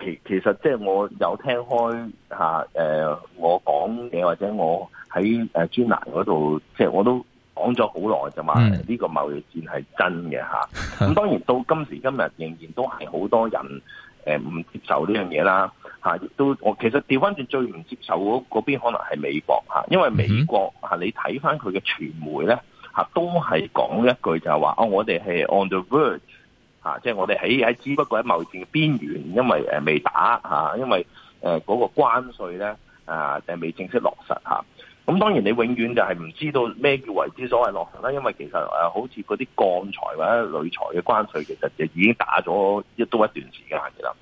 其其實即係我有聽開吓，誒、啊，我講嘢或者我喺誒專欄嗰度，即係我都講咗好耐，就話呢個貿易戰係真嘅吓。咁、啊、當然到今時今日，仍然都係好多人誒唔、啊、接受呢樣嘢啦。吓、啊，亦都我其實調翻轉最唔接受嗰嗰邊，可能係美國吓、啊，因為美國吓、啊、你睇翻佢嘅傳媒咧吓、啊，都係講一句就係話，哦、啊，我哋係 on the word。啊，即係我哋喺喺，只不過喺貿戰嘅邊緣，因為未打，因為嗰個關稅咧啊，未正式落實。咁當然你永遠就係唔知道咩叫為之所謂落實啦，因為其實好似嗰啲鋼材或者鋁材嘅關稅，其實就已經打咗一都一段時間嘅啦。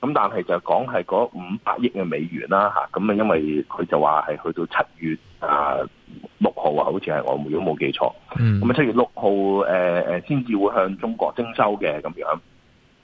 咁但係就講係嗰五百億嘅美元啦，吓。咁啊因為佢就話係去到七月啊六號啊，好似係我如果冇記錯，咁啊七月六號誒誒，先、呃、至會向中國徵收嘅咁樣。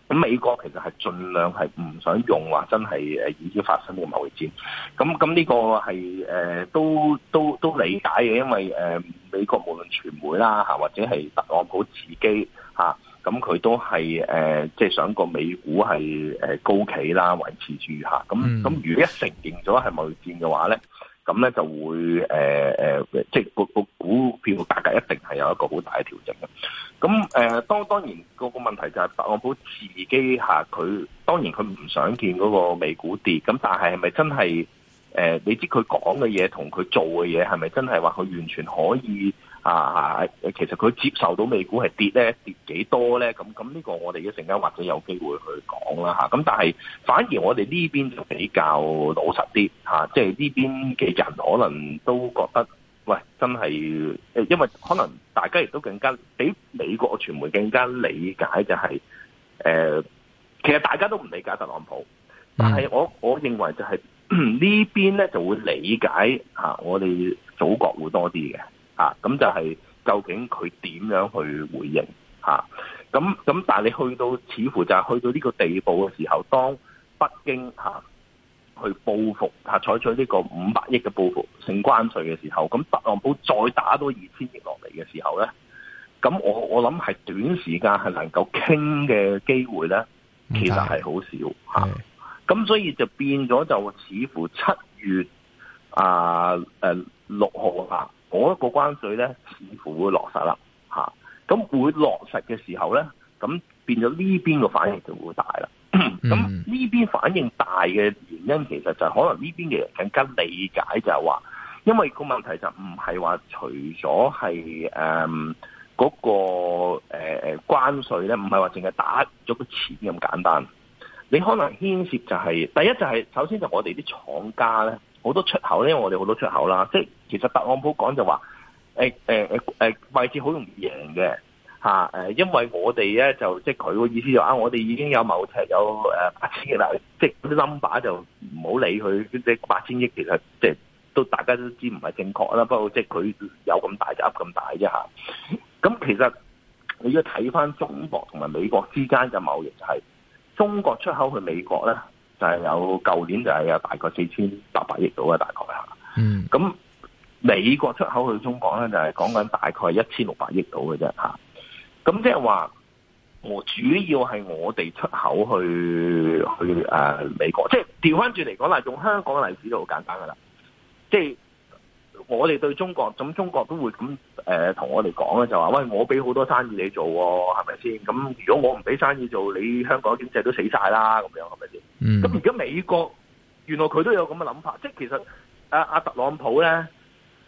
咁美國其實係盡量係唔想用話真係誒已經發生嘅貿易戰。咁咁呢個係誒、呃、都都都理解嘅，因為誒、呃、美國無論傳媒啦，吓或者係特朗普自己吓。啊咁佢都係誒，即、呃、係、就是、想個美股係誒、呃、高企啦，維持住下咁咁、嗯、如果一承認咗係貿易戰嘅話咧，咁咧就會誒、呃、即係個股票價格,格一定係有一個好大嘅調整嘅。咁誒、呃，當當然個個問題就係特朗普自己下佢，當然佢唔想見嗰個美股跌。咁但係係咪真係誒、呃？你知佢講嘅嘢同佢做嘅嘢係咪真係話佢完全可以？啊吓，其實佢接受到美股係跌咧，跌幾多咧？咁咁，呢個我哋一陣間或者有機會去講啦吓。咁、啊、但係反而我哋呢邊就比較老實啲吓，即係呢邊嘅人可能都覺得，喂，真係誒，因為可能大家亦都更加比美國嘅傳媒更加理解就係、是、誒、呃，其實大家都唔理解特朗普，嗯、但係我我認為就係、是、呢邊咧就會理解吓、啊，我哋祖國會多啲嘅。咁、啊、就係究竟佢點樣去回應吓？咁、啊、咁但係你去到似乎就係去到呢個地步嘅時候，當北京吓、啊、去報復吓採取呢個五百億嘅報復性關稅嘅時候，咁、嗯、特朗普再打多二千億落嚟嘅時候咧，咁我我諗係短時間係能夠傾嘅機會咧，其實係好少吓。咁、啊、所以就變咗就似乎七月啊誒六號吓。啊我、那、一個關稅咧，似乎會落實啦，咁會落實嘅時候咧，咁變咗呢邊個反應就會大啦。咁呢 邊反應大嘅原因，其實就可能呢邊嘅人更加理解就係話，因為個問題就唔係話除咗係誒嗰個誒、呃、關稅咧，唔係話淨係打咗個錢咁簡單。你可能牽涉就係、是、第一就係首先就我哋啲廠家咧。好多出口咧，因為我哋好多出口啦，即係其實特朗普講就話、欸欸欸、位置好容易贏嘅、啊、因為我哋咧就即係佢個意思就係、啊，我哋已經有貿易有八千億啦，即係嗰啲 number 就唔好理佢，即係八千億其實即係都大家都知唔係正確啦，不過即係佢有咁大就噏咁大啫吓。咁其實你要睇翻中國同埋美國之間嘅貿易係，就係、中國出口去美國咧就係、係、有舊年就係有大概四千。百億到啊，大概吓，嗯，咁美國出口去中國咧，就係講緊大概一千六百億到嘅啫吓，咁即係話我主要係我哋出口去去誒、啊、美國，即係調翻轉嚟講啦，用香港嘅例子就好簡單噶啦，即係我哋對中國，咁中國都會咁誒同我哋講咧，就話喂，我俾好多生意你做，哦，係咪先？咁如果我唔俾生意做，你香港的經濟都死晒啦，咁樣係咪先？咁而家美國。原來佢都有咁嘅諗法，即係其實阿阿、啊、特朗普咧，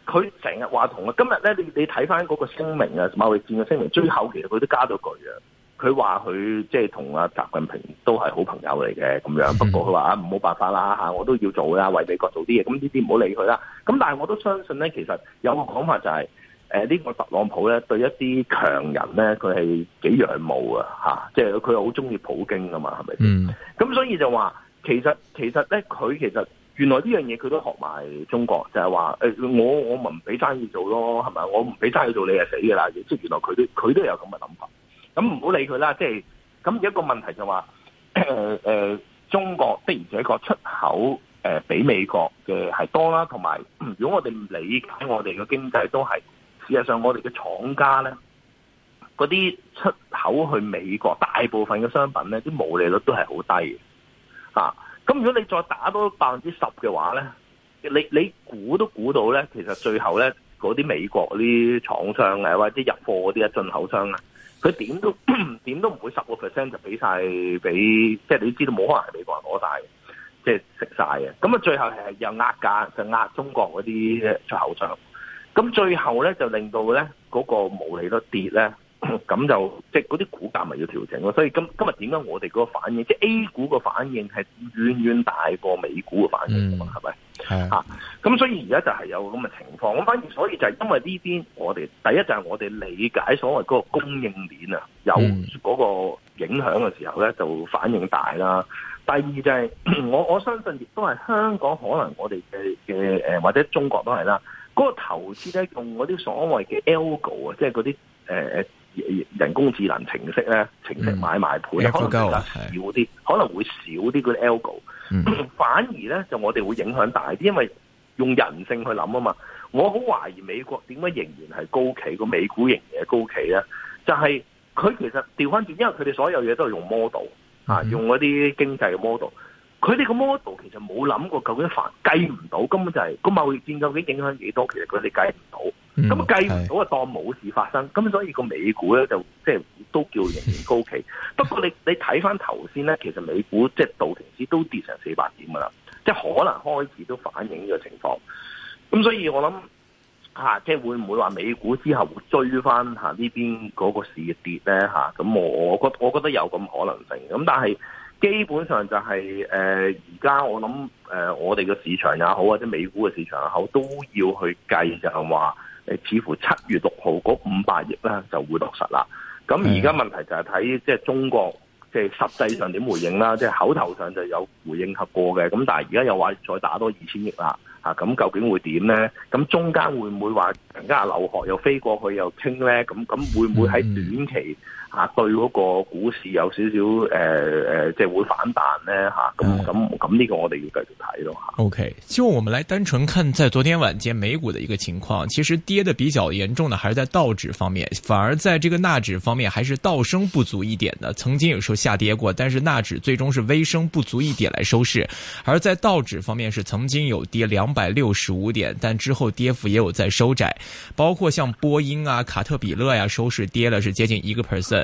佢成日話同啊，今日咧，你你睇翻嗰個聲明啊，貿易戰嘅聲明，最後其實佢都加咗句啊，佢話佢即係同阿習近平都係好朋友嚟嘅咁樣，不過佢話啊唔冇辦法啦吓，我都要做啦，為美國做啲嘢，咁呢啲唔好理佢啦。咁但係我都相信咧，其實有個講法就係、是，誒、呃、呢、這個特朗普咧對一啲強人咧，佢係幾仰慕啊吓，即係佢好中意普京噶嘛，係咪？嗯。咁所以就話。其實其實咧，佢其實原來呢樣嘢佢都學埋中國，就係話誒，我我咪唔俾生意做咯，係咪我唔俾生意做，你係死嘅啦。即係原來佢都佢都有咁嘅諗法。咁唔好理佢啦。即係咁有一個問題就話誒誒，中國的而且確出口誒、呃、比美國嘅係多啦，同埋如果我哋唔理解我哋嘅經濟都係，事實上我哋嘅廠家咧，嗰啲出口去美國大部分嘅商品咧，啲毛利率都係好低。啊！咁如果你再打多百分之十嘅話咧，你你估都估到咧，其實最後咧，嗰啲美國嗰啲廠商啊，或者入貨嗰啲啊進口商啊，佢點都點 都唔會十個 percent 就俾曬俾，即係你都知道冇可能係美國人攞曬，即係食曬嘅。咁啊，最後係又壓價，就壓中國嗰啲出口商。咁最後咧就令到咧嗰、嗰個毛利率跌咧。咁就即係嗰啲股價咪要調整咯，所以今今日點解我哋嗰個反應，即係 A 股嘅反應係遠遠大過美股嘅反應嘅嘛？喂、嗯，係咪、啊、所以而家就係有咁嘅情況，咁反而所以就係因為呢啲，我哋第一就係我哋理解所謂嗰個供應鏈啊，有嗰個影響嘅時候咧，就反應大啦、嗯。第二就係、是、我我相信亦都係香港可能我哋嘅嘅誒，或者中國都係啦，嗰、嗰個投資咧用嗰啲所謂嘅 algo 啊，即係嗰啲誒。人工智能程式咧，程式買賣盤、嗯、可能少啲、嗯，可能會少啲嗰啲 algo，反而咧就我哋會影響大啲，因為用人性去諗啊嘛。我好懷疑美國點解仍然係高企，個美股仍然係高企咧，就係、是、佢其實調翻轉，因為佢哋所有嘢都係用 model 啊，用嗰啲經濟嘅 model。佢哋個 model 其實冇諗過究竟煩計唔到，根本就係個貿易戰究竟影響幾多，其實佢哋計唔到。咁計唔到就當冇事發生。咁所以個美股咧就即係都叫仍然高企。 不過你你睇翻頭先咧，其實美股即係、就是、道瓊斯都跌成四百點噶啦，即、就、係、是、可能開始都反映呢個情況。咁所以我諗嚇、啊，即係會唔會話美股之後會追翻嚇呢邊嗰個市嘅跌咧嚇？咁、啊、我我我覺得有咁可能性。咁、嗯、但係。基本上就係誒而家我諗誒、呃、我哋嘅市場也好或者美股嘅市場也好，都要去計就係、是、話、呃、似乎七月六號嗰五百億咧就會落實啦。咁而家問題就係睇即係中國即係、就是、實際上點回應啦，即、就、係、是、口頭上就有回應及過嘅，咁但係而家又話再打多二千億啦，咁、啊、究竟會點咧？咁中間會唔會話人家留學又飛過去又傾咧？咁咁會唔會喺短期？啊，對嗰個股市有少少、呃呃、即係會反彈呢。咁咁咁呢個我哋要繼續睇咯 OK，就我們來單純看在昨天晚間美股的一個情況，其實跌的比較嚴重的，還是在道指方面，反而在這個納指方面，還是倒升不足一點的。曾經有時候下跌過，但是納指最終是微升不足一點來收市，而在道指方面是曾經有跌兩百六十五點，但之後跌幅也有在收窄，包括像波音啊、卡特彼勒呀、啊，收市跌了是接近一個 percent。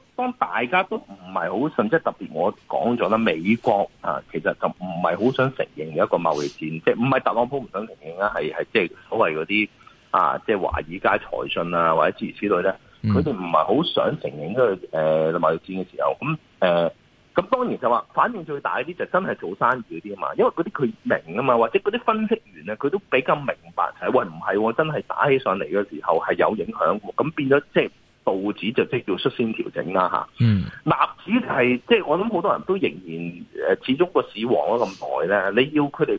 當大家都唔係好信，即係特別我講咗啦，美國啊，其實就唔係好想承認嘅一個貿易戰，即係唔係特朗普唔想承認啦，係係即係所謂嗰啲啊，即係華爾街財訊啊，或者諸如此類咧，佢哋唔係好想承認、個誒貿、呃、易戰嘅時候，咁、嗯、誒，咁、呃、當然就話反應最大啲就真係做生意嗰啲啊嘛，因為嗰啲佢明啊嘛，或者嗰啲分析員咧，佢都比較明白係、就是，喂唔係、哦，真係打起上嚟嘅時候係有影響，咁變咗即係。道指就即係叫率先調整啦嚇，嗯，納指係即係我諗好多人都仍然誒，始終個市旺咗咁耐咧，你要佢哋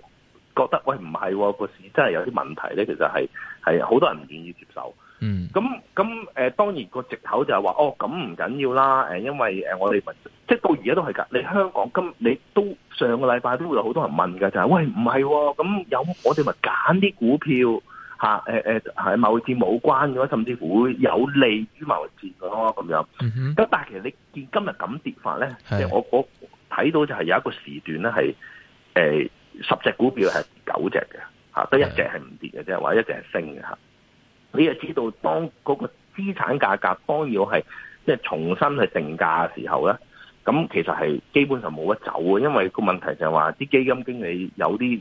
覺得喂，唔係個市真係有啲問題咧，其實係係好多人唔願意接受。嗯，咁咁誒當然個藉口就係話哦，咁唔緊要啦，誒，因為誒我哋咪即係到而家都係㗎。你香港今你都上個禮拜都會有好多人問㗎，哦、就係喂，唔係咁有我哋咪揀啲股票。嚇，誒誒係貿易冇關嘅，甚至乎有利於貿易咯咁樣。咁、嗯、但係其實你見今日咁跌法咧，我我睇到就係有一個時段咧係誒十隻股票係九隻嘅嚇，得、啊、一隻係唔跌嘅啫，或者一隻係升嘅嚇。你又知道當嗰個資產價格當要係即係重新去定價嘅時候咧，咁其實係基本上冇得走嘅，因為個問題就係話啲基金經理有啲。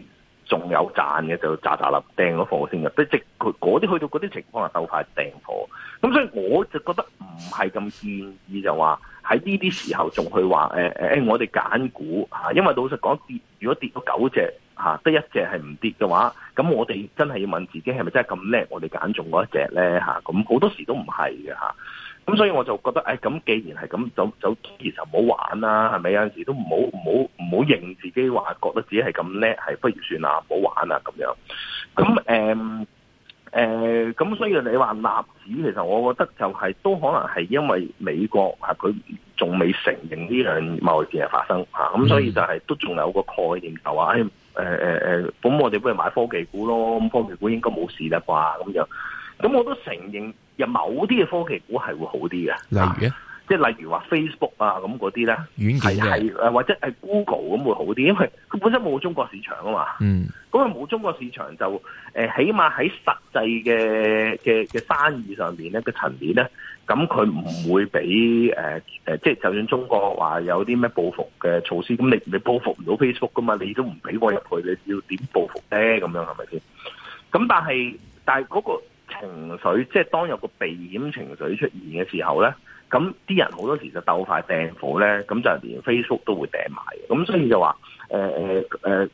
仲有賺嘅就渣渣粒掟嗰貨先嘅，即即，佢嗰啲去到嗰啲情況下就鬥快掟貨，咁所以我就覺得唔係咁建議就話喺呢啲時候仲去話誒、欸欸、我哋揀股，因為老實講，跌，如果跌咗九隻得一、啊、隻係唔跌嘅話，咁我哋真係要問自己係咪真係咁叻，我哋揀中嗰一隻咧，咁好多時都唔係嘅。咁所以我就覺得，誒，咁既然係咁，就就其實唔好玩啦，係咪？有陣時都唔好唔好唔好認自己話，覺得自己係咁叻，係不如算啦，唔好玩啦，咁樣。咁誒誒，咁、嗯嗯嗯、所以你話納指，其實我覺得就係、是、都可能係因為美國佢仲未承認呢樣貿易戰嘅發生吓，咁、嗯、所以就係、是、都仲有個概念就話、是，誒誒誒，咁、呃呃、我哋不如買科技股咯，咁科技股應該冇事啦啩，咁樣。咁我都承認。有某啲嘅科技股係會好啲嘅，例如、啊、即係例如話 Facebook 啊咁嗰啲咧，軟件嘅，或者係 Google 咁會好啲，因為佢本身冇中國市場啊嘛。嗯，咁佢冇中國市場就誒、呃，起碼喺實際嘅嘅嘅生意上面咧個層面咧，咁佢唔會俾誒誒，即係就算中國話有啲咩報復嘅措施，咁你你報復唔到 Facebook 噶嘛，你都唔俾我入去，你要點報復咧？咁樣係咪先？咁但係但係嗰、嗰個。情緒，即係當有個避險情緒出現嘅時候呢，咁啲人好多時就鬥快掟火呢，咁就連 Facebook 都會掟埋嘅。咁所以就話誒誒，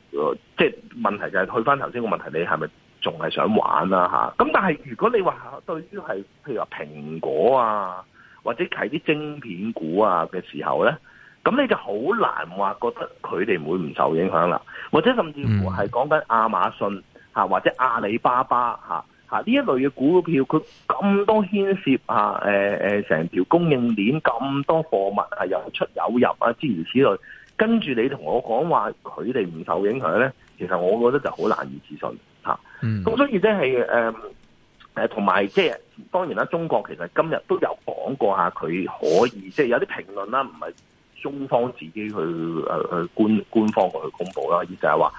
即係問題就係去翻頭先個問題，你係咪仲係想玩啦、啊、嚇？咁但係如果你話對於係譬如話蘋果啊，或者睇啲晶片股啊嘅時候呢，咁你就好難話覺得佢哋會唔受影響啦，或者甚至乎係講緊亞馬遜或者阿里巴巴啊！呢一類嘅股票，佢咁多牽涉啊，誒、呃、誒，成條供應鏈咁多貨物啊，又出有入啊，諸如此類。跟住你同我講話，佢哋唔受影響咧，其實我覺得就好難以置信吓。咁、啊嗯、所以即係誒誒，同埋即係當然啦，中國其實今日都有講過下佢可以，即係有啲評論啦，唔係中方自己去誒誒、呃、官官方去公布啦，意思係話。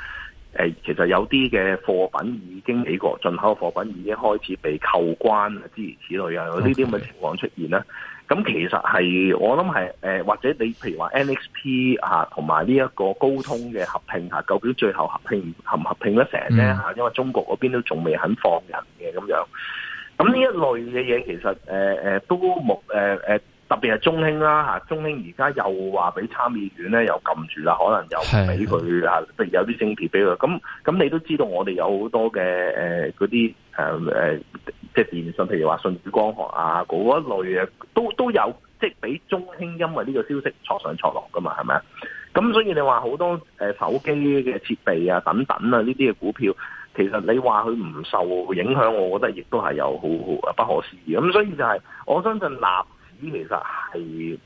誒，其實有啲嘅貨品已經美國進口嘅貨品已經開始被扣關啊，諸如此類啊，有呢啲咁嘅情況出現啦。咁、okay. 其實係我諗係誒，或者你譬如話 NXP 同埋呢一個高通嘅合併吓，究竟最後合併唔合唔合併得成咧吓？Mm. 因為中國嗰邊都仲未肯放人嘅咁樣。咁呢一類嘅嘢其實誒誒、呃、都冇誒誒。呃呃特別係中興啦嚇，中興而家又話俾參議院咧又撳住啦，可能又唔俾佢嚇，即有啲政調俾佢。咁咁你都知道，我哋有好多嘅誒嗰啲誒誒，即係電信，譬如話信主光學啊嗰一類啊，都都有即係俾中興，因為呢個消息挫上挫落噶嘛，係咪？咁所以你話好多誒、呃、手機嘅設備啊等等啊呢啲嘅股票，其實你話佢唔受影響，我覺得亦都係有好好不可思議咁。咁所以就係、是、我相信納。呃其實係誒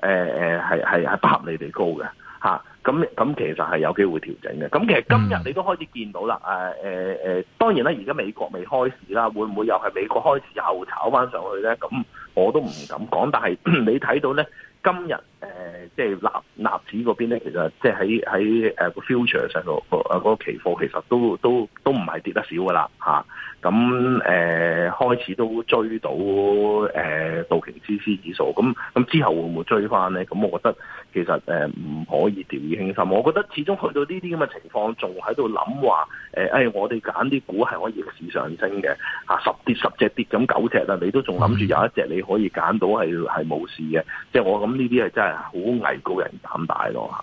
誒係係係不合理地高嘅嚇，咁、啊、咁其實係有機會調整嘅。咁其實今日你都開始見到啦，誒誒誒，當然啦，而家美國未開市啦，會唔會又係美國開始又炒翻上去咧？咁我都唔敢講，但係你睇到咧今日誒。呃即、就、係、是、納納指嗰邊咧，其實即係喺喺誒個 future 上度，誒、那、嗰個期貨其實都都都唔係跌得少噶啦嚇。咁、啊、誒、呃、開始都追到誒道瓊斯指數，咁咁之後會唔會追翻咧？咁我覺得其實誒唔、呃、可以掉以輕心。我覺得始終去到呢啲咁嘅情況，仲喺度諗話誒，誒、呃、我哋揀啲股係可以逆市上升嘅嚇，十跌十隻跌，咁九隻啦，你都仲諗住有一隻你可以揀到係係冇事嘅。即、就、係、是、我諗呢啲係真係好。高危高人膽大咯！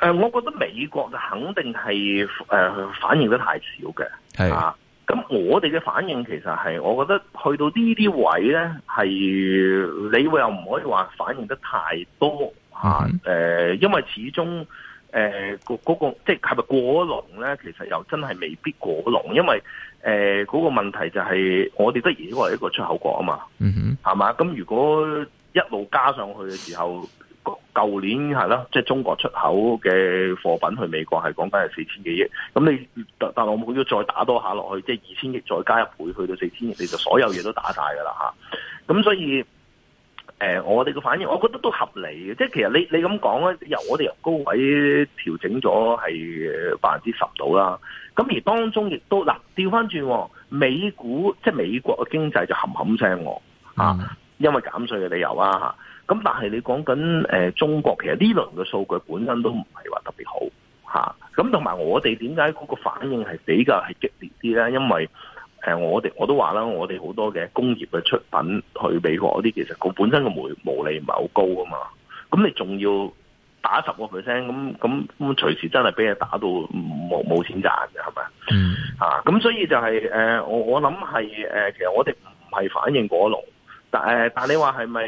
誒，我覺得美國就肯定係誒、呃、反應得太少嘅，係啊。咁我哋嘅反應其實係，我覺得去到這些位置呢啲位咧，係你又唔可以話反應得太多吓。誒、嗯啊，因為始終誒嗰嗰個、那個、即係係咪過龍咧？其實又真係未必過龍，因為誒嗰、呃那個問題就係、是、我哋當然都係一個出口國啊嘛，嗯哼，係嘛。咁如果一路加上去嘅時候。舊年係啦，即係中國出口嘅貨品去美國係講緊係四千幾億。咁你但但係我冇要再打多下落去，即係二千億再加一倍去到四千億，你就所有嘢都打曬噶啦嚇。咁所以誒、呃，我哋嘅反應，我覺得都合理嘅。即係其實你你咁講咧，由我哋由高位調整咗係百分之十到啦。咁、啊、而當中亦都嗱，調翻轉美股，即係美國嘅經濟就冚冚聲喎嚇，因為減稅嘅理由啦、啊咁但係你講緊、呃、中國，其實呢輪嘅數據本身都唔係話特別好吓。咁同埋我哋點解嗰個反應係比較係激烈啲咧？因為、呃、我哋我都話啦，我哋好多嘅工業嘅出品去美國嗰啲，其實佢本身嘅毛毛利唔係好高啊嘛。咁你仲要打十個 percent，咁咁咁隨時真係俾人打到冇冇錢賺㗎，係咪？嗯。咁、啊、所以就係、呃、我我諗係、呃、其實我哋唔係反應過龍。但誒，但你話係咪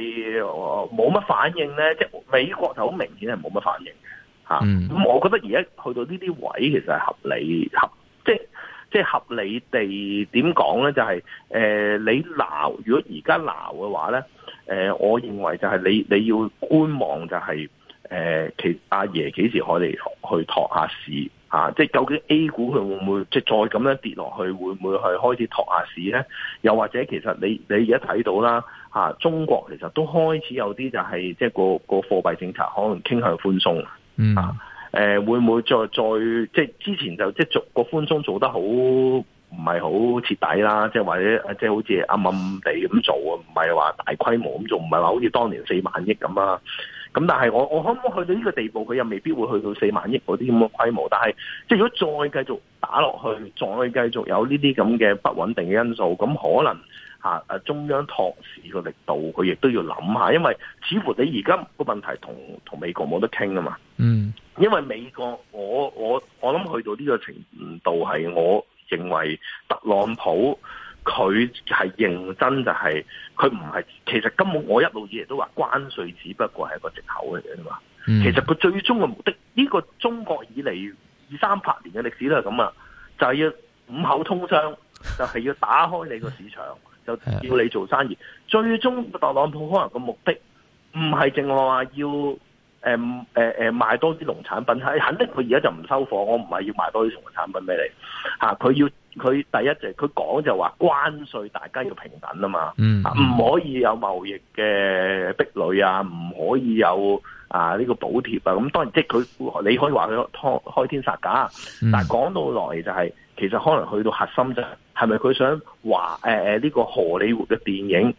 冇乜反應咧？即係美國就好明顯係冇乜反應嘅嚇。咁、嗯、我覺得而家去到呢啲位其實係合理合，即係即係合理地點講咧，就係、是、誒、呃、你鬧，如果而家鬧嘅話咧，誒、呃，我認為就係你你要觀望、就是，就係誒其阿爺幾時可以去托下市。啊！即係究竟 A 股佢會唔會即係再咁樣跌落去，會唔會去開始托下市咧？又或者其實你你而家睇到啦，中國其實都開始有啲就係即係個個貨幣政策可能傾向寬鬆，嗯、誒會唔會再再即係之前就即係做個寬鬆做得好唔係好徹底啦？即係或者即係好似暗暗地咁做啊，唔係話大規模咁做，唔係話好似當年四萬億咁啊。咁但係我我可唔可以去到呢個地步？佢又未必會去到四萬億嗰啲咁嘅規模。但係即係如果再繼續打落去，再繼續有呢啲咁嘅不穩定嘅因素，咁可能吓誒、啊、中央托市嘅力度，佢亦都要諗下。因為似乎你而家個問題同同美國冇得傾啊嘛。嗯，因為美國我我我諗去到呢個程度係我認為特朗普。佢係認真、就是，就係佢唔係。其實根本我一路以嚟都話關稅只不過係個藉口嚟嘅嘛。其實佢最終嘅目的，呢、這個中國以嚟二三百年嘅歷史都係咁啊，就係、是、要五口通商，就係、是、要打開你個市場，就叫你做生意。 最終特朗普可能個目的唔係淨係話要。誒誒誒，賣多啲農產品，係、欸，肯定佢而家就唔收貨，我唔係要賣多啲農產品俾你吓，佢、啊、要佢第一就佢、係、講就話關稅大家要平等啊嘛，唔、嗯啊嗯，可以有貿易嘅壁壘啊，唔可以有啊呢個補貼啊，咁、這個啊、當然即係佢你可以話佢開天殺價，但係講到來就係、係、其實可能去到核心就係，係咪佢想話誒誒呢個荷里活嘅電影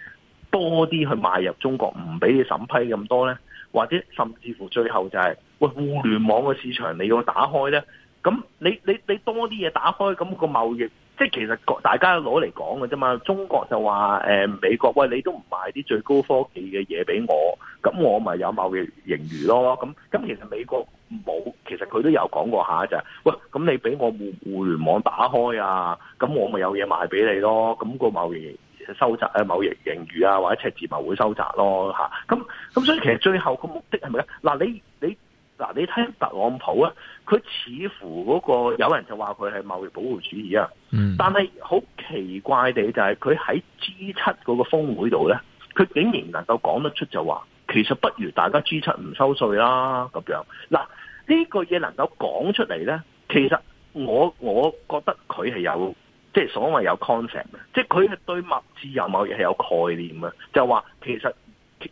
多啲去賣入中國，唔俾你審批咁多咧？或者甚至乎最後就係、是、喂，互聯網嘅市場你要打開咧，咁你你你多啲嘢打開，咁、那個貿易即係其實大家攞嚟講嘅啫嘛。中國就話、呃、美國喂，你都唔賣啲最高科技嘅嘢俾我，咁我咪有貿易盈餘咯。咁咁其實美國冇，其實佢都有講過下就係喂，咁你俾我互互聯網打開啊，咁我咪有嘢賣俾你咯。咁、那個貿易收窄啊，貿易盈餘啊，或者赤字，就會收窄咯，吓咁咁，所以其實最後個目的係咪咧？嗱、啊，你你嗱，你睇、啊、特朗普啊，佢似乎嗰、那個有人就話佢係貿易保護主義啊，嗯、但係好奇怪地就係佢喺 G7 嗰個峰會度咧，佢竟然能夠講得出就話，其實不如大家 G7 唔收稅啦咁樣。嗱、啊，這個、東西呢個嘢能夠講出嚟咧，其實我我覺得佢係有。即係所謂有 concept，即係佢係對物自由貿易係有概念啊！就話其實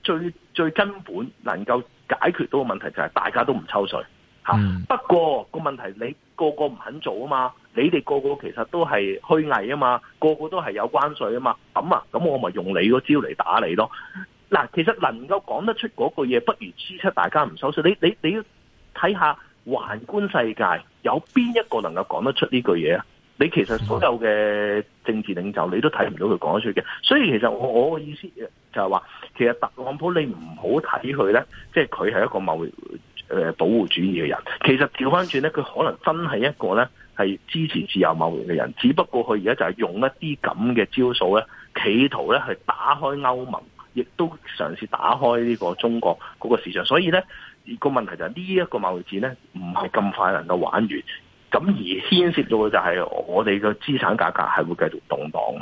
最最根本能夠解決到問、嗯啊那個問題就係大家都唔抽稅。不過個問題你個個唔肯做啊嘛，你哋個個其實都係虛偽啊嘛，個個都係有關稅啊嘛。咁啊，咁我咪用你個招嚟打你咯。嗱、啊，其實能夠講得出嗰句嘢，不如支出大家唔收稅。你你你要睇下環觀世界，有邊一個能夠講得出呢句嘢啊？你其實所有嘅政治領袖，你都睇唔到佢講得出嘅。所以其實我我嘅意思就係話，其實特朗普你唔好睇佢咧，即係佢係一個貿易、呃、保護主義嘅人。其實調翻轉咧，佢可能真係一個咧係支持自由貿易嘅人。只不過佢而家就係用一啲咁嘅招數咧，企圖咧去打開歐盟，亦都嘗試打開呢個中國嗰個市場。所以咧個問題就係呢一個貿易戰咧，唔係咁快能夠玩完。咁而牽涉到嘅就係我哋嘅資產價格係會繼續動盪。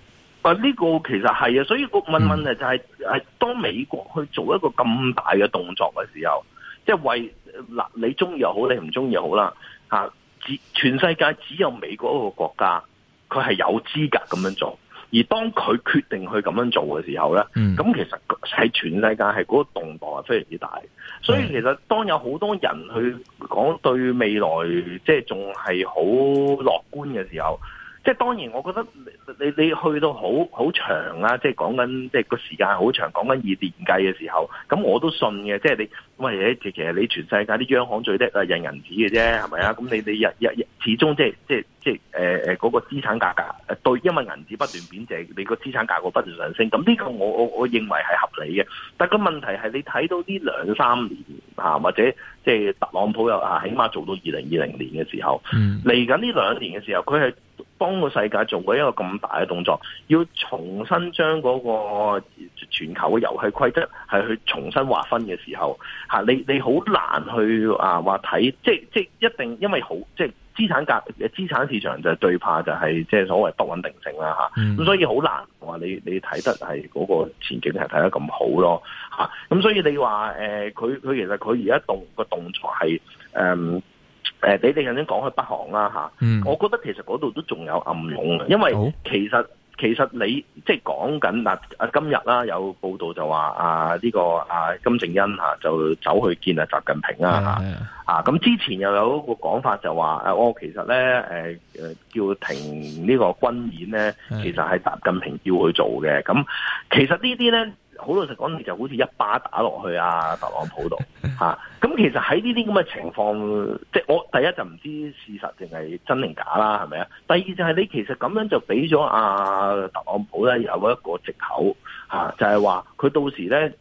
呢、這個其實係啊，所以個問問題就係、是、係、嗯、當美國去做一個咁大嘅動作嘅時候，即、就、係、是、為嗱你中意又好，你唔中意又好啦嚇。只、啊、全世界只有美國一個國家，佢係有資格咁樣做。而當佢決定去咁樣做嘅時候咧，咁、嗯、其實喺全世界係嗰個動盪係非常之大。所以其實當有好多人去講對未來，即係仲係好樂觀嘅時候。即係當然，我覺得你你你去到好好長啊！即係講緊即係個時間好長，講緊二年計嘅時候，咁我都信嘅。即係你，喂，其實其實你全世界啲央行最叻係印銀紙嘅啫，係咪啊？咁你你日日日始終即係即係即係誒誒嗰個資產價格誒對，呃，因為銀紙不斷貶值，你個資產價格不斷上升。咁呢個我我我認為係合理嘅。但個問題係你睇到呢兩三年啊，或者即係特朗普又啊，起碼做到二零二零年嘅時候，嚟緊呢兩年嘅時候，佢係。幫個世界做過一個咁大嘅動作，要重新將嗰個全球嘅遊戲規則係去重新劃分嘅時候，吓你你好難去啊話睇，即係即係一定，因為好即係資產價、資產市場就最怕就係即係所謂不穩定性啦吓，咁、啊 mm. 所以好難話你你睇得係嗰個前景係睇得咁好咯，吓、啊、咁所以你話誒佢佢其實佢而家動個動作係誒。嗯誒、嗯，你哋頭先講去北韓啦吓，我覺得其實嗰度都仲有暗湧嘅，因為其實其實你即係講緊嗱，今日啦有報道就話啊呢、這個金正恩就走去見阿習近平啦吓，啊咁之前又有一個講法就話誒我其實咧誒誒叫停呢個軍演咧，其實係習近平叫佢做嘅，咁、啊、其實這些呢啲咧。好老實講，你就好似一巴打落去啊特朗普度，吓、啊、咁。其實喺呢啲咁嘅情況，即係我第一就唔知事實定係真定假啦，係咪啊？第二就係你其實咁樣就俾咗阿特朗普咧有一個藉口，吓、啊、就係話佢到時咧，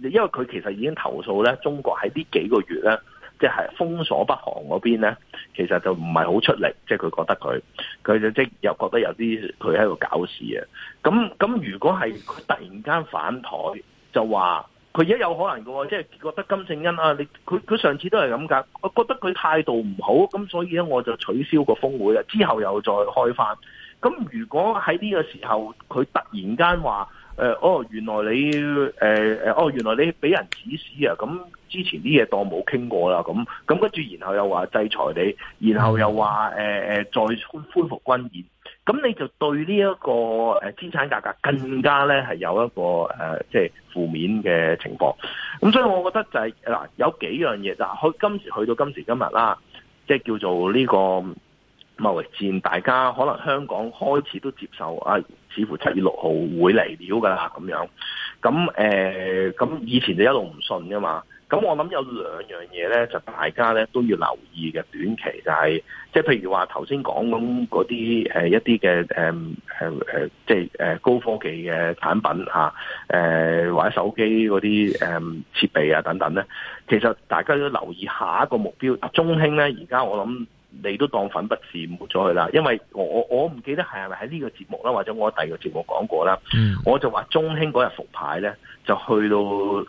因為佢其實已經投訴咧，中國喺呢幾個月咧，即係封鎖北韓嗰邊咧，其實就唔係好出力，即係佢覺得佢。佢就即又覺得有啲佢喺度搞事啊！咁咁如果係佢突然間反台，就話佢而家有可能嘅喎，即係覺得金正恩啊你他，你佢佢上次都係咁噶，我覺得佢態度唔好，咁所以咧我就取消個峰會啦，之後又再開返。咁如果喺呢個時候佢突然間話，誒，哦，原來你，誒，誒，哦，原來你俾人指使啊！咁之前啲嘢當冇傾過啦，咁，咁跟住然後又話制裁你，然後又話，誒，誒，再恢恢復軍演，咁你就對呢一個誒資產價格更加咧係有一個誒即係負面嘅情況。咁所以我覺得就係嗱，有幾樣嘢嗱，去今時去到今時今日啦，即係叫做呢個。貿易戰，大家可能香港開始都接受啊，似乎七月六號會嚟了噶啦咁樣。咁誒，咁、呃、以前就一路唔信噶嘛。咁我諗有兩樣嘢咧，就大家咧都要留意嘅短期就係、係就係誒誒，即係譬如話頭先講咁嗰啲一啲嘅誒即係高科技嘅產品嚇，誒、啊、或者手機嗰啲誒設備啊等等咧，其實大家都留意下一個目標。中興咧，而家我諗。你都當粉筆字抹咗佢啦，因為我我唔記得係咪喺呢個節目啦，或者我喺第二個節目講過啦、嗯，我就話中興嗰日復牌咧，就去到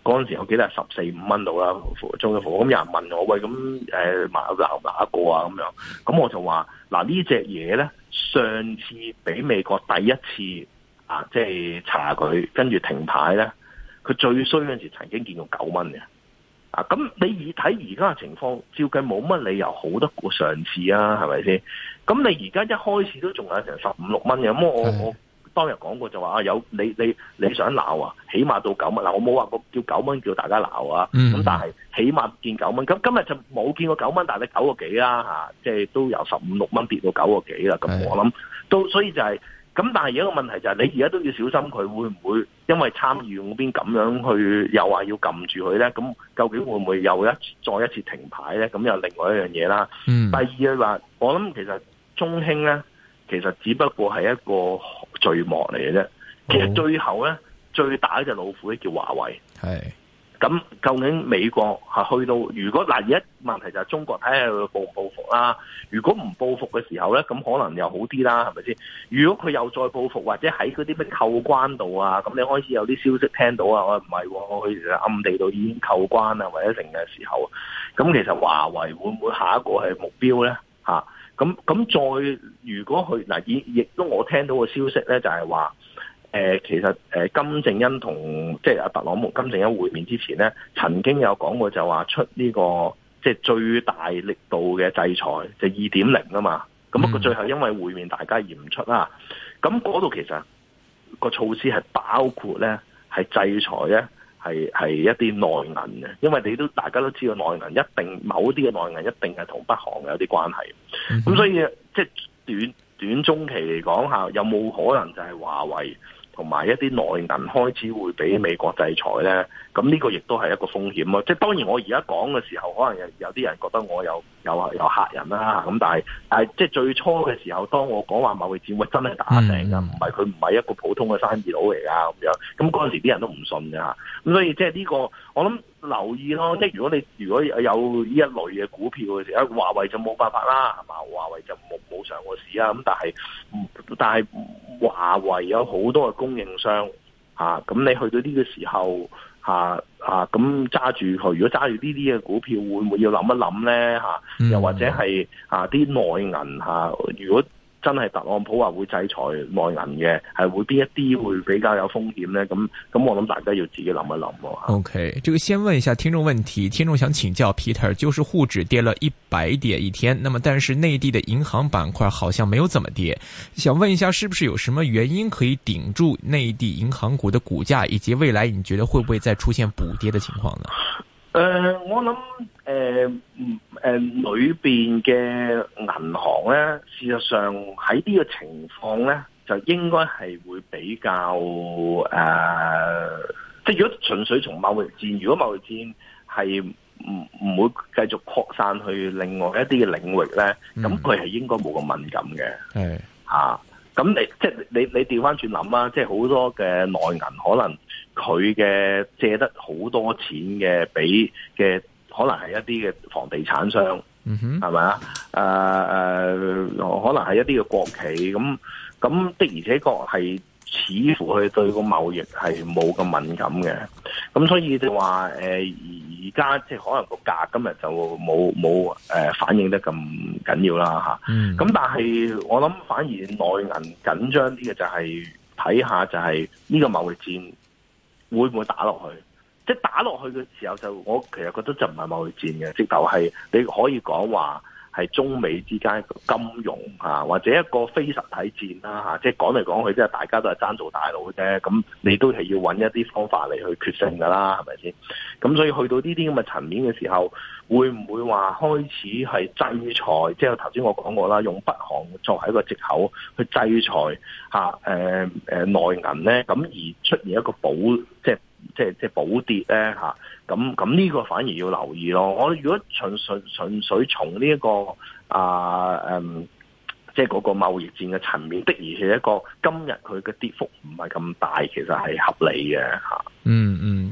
嗰陣我記得係十四五蚊度啦，中興復，咁有人問我喂，咁誒買樓買一個啊咁樣，咁我就話嗱、這個、呢隻嘢咧，上次俾美國第一次啊即係、就是、查佢，跟住停牌咧，佢最衰嗰時曾經見過九蚊嘅。咁、啊、你睇而家嘅情況，照計冇乜理由好得過上次啊，係咪先？咁你而家一開始都仲有成十五六蚊嘅，咁我我當日講過就話啊，有你你你想鬧啊，起碼到九蚊啦，我冇話過叫九蚊叫大家鬧啊，咁、嗯嗯、但係起碼見九蚊，咁今日就冇見過九蚊，但係你九個幾啦嚇，即係都由十五六蚊跌到九個幾啦，咁我諗都所以就係、是。咁但係而家個問題就係你而家都要小心佢會唔會因為參與嗰邊咁樣去又話要撳住佢咧？咁究竟會唔會又一次再一次停牌咧？咁又另外一樣嘢啦。嗯、第二佢話，我諗其實中興咧，其實只不過係一個序幕嚟嘅啫。其實最後咧，最大一隻老虎咧叫華為。係。咁究竟美國去到？如果嗱，而家問題就係中國睇下佢報唔報復啦。如果唔報復嘅時候咧，咁可能又好啲啦，係咪先？如果佢又再報復，或者喺嗰啲咩扣關度啊，咁你開始有啲消息聽到啊，我唔係，我去、哦、暗地度已經扣關啊，或者定嘅時候。咁其實華為會唔會下一個係目標咧？咁、啊、咁再如果佢嗱，亦亦都我聽到嘅消息咧，就係、是、話。誒、呃，其實誒、呃，金正恩同即係阿特朗普金正恩會面之前咧，曾經有講過就話出呢、這個即係最大力度嘅制裁，就二點零啊嘛。咁、嗯、不過最後因為會面大家嫌唔出啦。咁嗰度其實個措施係包括咧，係制裁咧，係係一啲內銀嘅，因為你都大家都知道內銀一定某啲嘅內銀一定係同北韓有啲關係。咁、嗯、所以即係短短中期嚟講下，有冇可能就係華為？同埋一啲內銀開始會俾美國制裁咧。咁呢個亦都係一個風險咯，即係當然我而家講嘅時候，可能有有啲人覺得我有有有嚇人啦，咁但係即係最初嘅時候，當我講話貿易戰會真係打正㗎，唔係佢唔係一個普通嘅生意佬嚟㗎咁樣，咁嗰陣時啲人都唔信㗎。咁所以即係呢個我諗留意咯，即係如果你如果有呢一類嘅股票嘅時候，華為就冇辦法啦，係嘛？華為就冇冇上過市啊，咁但係但係華為有好多嘅供應商嚇，咁你去到呢個時候。吓、啊，啊！咁揸住佢，如果揸住呢啲嘅股票，會唔會要諗一諗咧？吓、啊嗯，又或者係啊啲內銀，吓、啊，如果。真係特朗普話會制裁外銀嘅，係會邊一啲會比較有風險呢？咁咁我諗大家要自己諗一諗。OK，這個先問一下聽眾問題，聽眾想請教 Peter，就是滬指跌了一百點一天，那麼但是內地的銀行板塊好像沒有怎麼跌，想問一下，是不是有什麼原因可以頂住內地銀行股的股價，以及未來你覺得會不會再出現補跌的情況呢？誒、呃，我諗誒，誒裏邊嘅銀行咧，事實上喺呢個情況咧，就應該係會比較誒、呃，即係如果純粹從貿易戰，如果貿易戰係唔唔會繼續擴散去另外一啲嘅領域咧，咁佢係應該冇咁敏感嘅。係、啊，吓，咁你即係你你調翻轉諗啦，即係好多嘅內銀可能。佢嘅借得好多錢嘅，俾嘅可能係一啲嘅房地產商，嗯哼，係咪啊？誒誒，可能係一啲嘅國企咁咁的，的，而且確係似乎佢對個貿易係冇咁敏感嘅。咁所以就話誒，而而家即係可能個價今日就冇冇誒反應得咁緊要啦嚇。咁、mm -hmm. 但係我諗反而內銀緊張啲嘅就係睇下就係呢個貿易戰。會唔會打落去？即係打落去嘅時候就，就我其實覺得就唔係貿易戰嘅，即係就係、是、你可以講話。係中美之間一個金融嚇，或者一個非實體戰啦嚇，即係講嚟講去即係大家都係爭做大佬嘅啫。咁你都係要搵一啲方法嚟去決勝㗎啦，係咪先？咁所以去到呢啲咁嘅層面嘅時候，會唔會話開始係制裁？即係頭先我講過啦，用北韓作為一個藉口去制裁嚇誒誒內銀咧，咁、呃呃、而出現一個保即係。即係即係補跌咧吓，咁咁呢個反而要留意咯。我如果純純純粹從呢一個啊誒，即係嗰個貿易戰嘅層面，的而且確今日佢嘅跌幅唔係咁大，其實係合理嘅吓、啊。嗯嗯。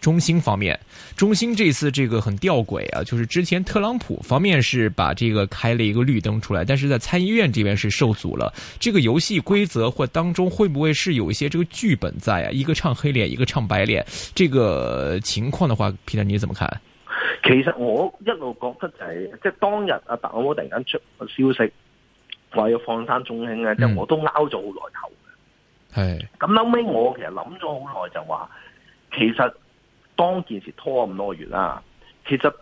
中興方面，中興這次這個很吊詭啊，就是之前特朗普方面是把這個開了一個綠燈出來，但是在參議院這邊是受阻了。這個遊戲規則或當中會不會是有一些這個劇本在啊？一個唱黑臉，一個唱白臉，這個情況的話，Peter，你怎麼看？其實我一路覺得就係、是，即係當日阿特朗普突然間出消息，話要放生中興呢、啊，因、嗯、我都拗咗好耐頭。係咁，後尾我其實諗咗好耐，就話其實。當件事拖咁多月啦，其實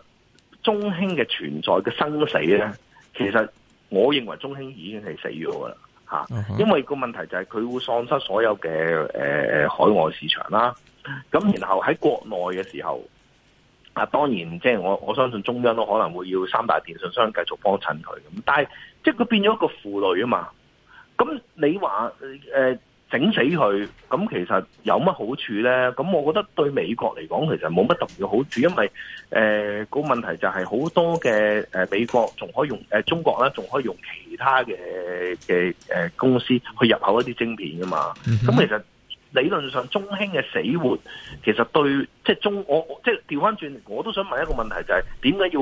中興嘅存在嘅生死咧，其實我認為中興已經係死咗啦，吓，因為個問題就係佢會喪失所有嘅誒海外市場啦。咁然後喺國內嘅時候，啊，當然即係我我相信中央都可能會要三大電信商繼續幫襯佢。咁但係即係佢變咗一個負累啊嘛。咁你話誒？呃整死佢，咁其實有乜好處咧？咁我覺得對美國嚟講其實冇乜特別嘅好處，因為誒個、呃、問題就係好多嘅美國仲可以用、呃、中國咧，仲可以用其他嘅嘅、呃、公司去入口一啲晶片噶嘛。咁、mm -hmm. 其實理論上中興嘅死活，其實對即係中我即係調翻轉我都想問一個問題就係點解要、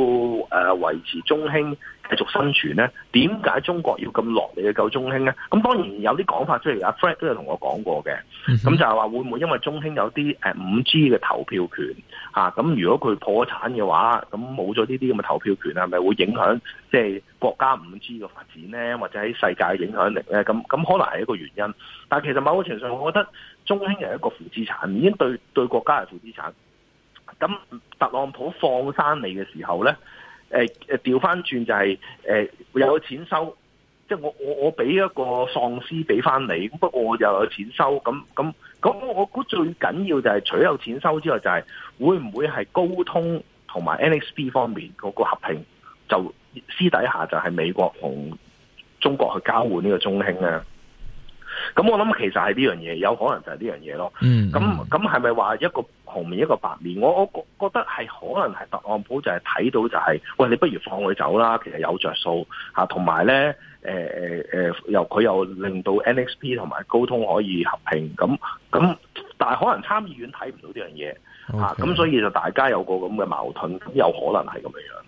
呃、維持中興？繼續生存咧？點解中國要咁落力嘅救中興咧？咁當然有啲講法出嚟，阿 Frank 都有同我講過嘅。咁就係話會唔會因為中興有啲誒五 G 嘅投票權啊？咁如果佢破產嘅話，咁冇咗呢啲咁嘅投票權，係咪會影響即係國家五 G 嘅發展咧？或者喺世界嘅影響力咧？咁咁可能係一個原因。但係其實某個程度上，我覺得中興係一個負資產，已經對對國家係負資產。咁特朗普放生你嘅時候咧？誒、欸、誒，調翻轉就係、是、誒、欸，有錢收，即、就、係、是、我我我俾一個喪屍俾翻你，不過我又有錢收，咁咁咁，我估最緊要就係除咗有錢收之外，就係會唔會係高通同埋 NXP 方面嗰個合併，就私底下就係美國同中國去交換呢個中興咧？.咁我諗其實係呢樣嘢，有可能就係呢樣嘢咯。咁咁係咪話一個紅面一個白面？我我覺覺得係可能係特朗普就係睇到就係、係，喂，你不如放佢走啦，其實有着數吓，同埋咧誒誒誒，又佢又令到 NXP 同埋高通可以合併。咁咁，但係可能參議院睇唔到呢樣嘢吓，咁、Okay. 啊、所以就大家有個咁嘅矛盾，咁有可能係咁樣樣。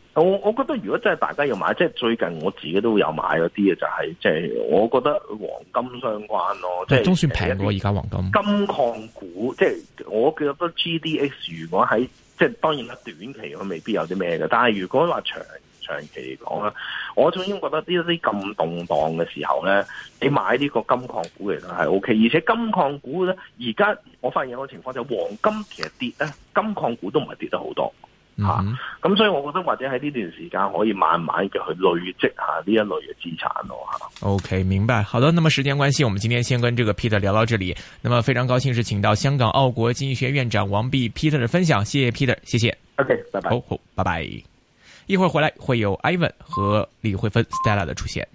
我我覺得如果真係大家要買，即係最近我自己都有買嗰啲嘅，就係即係我覺得黃金相關咯、嗯，即係都算平過而家黃金。金礦股即係我覺得 GDX，如果喺即係當然啦短期佢未必有啲咩嘅，但係如果話長長期嚟講啦，我總之覺得呢一啲咁動盪嘅時候咧，你買呢個金礦股其實係 OK，而且金礦股咧而家我發現有個情況就係黃金其實跌咧，金礦股都唔係跌得好多。吓，咁所以我覺得或者喺呢段時間可以慢慢嘅去累積下呢一類嘅資產咯吓。OK，明白，好的，那麼時間關係，我們今天先跟這個 Peter 聊到這裡。那麼非常高興是請到香港奧國經濟學院院長王弼 Peter 的分享，謝謝 Peter，謝謝。OK，拜拜，好，拜拜。一會兒回來會有 Ivan 和李慧芬 Stella 的出現。